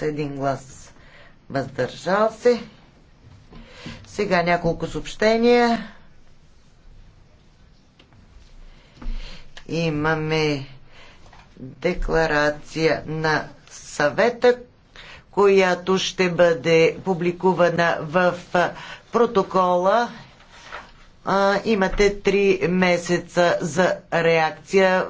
с един глас въздържал се. Сега няколко съобщения. Имаме декларация на съвета, която ще бъде публикувана в протокола. имате три месеца за реакция